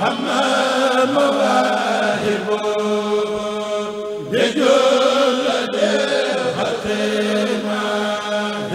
Amma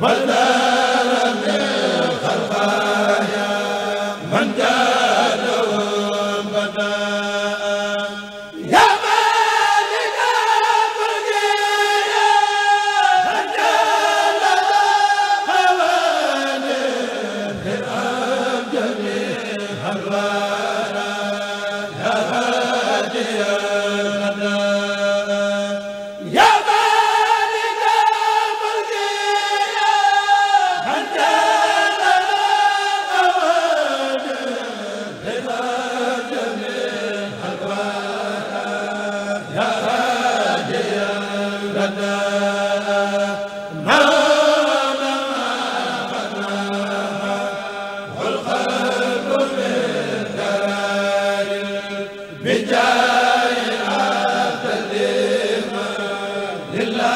wala lillah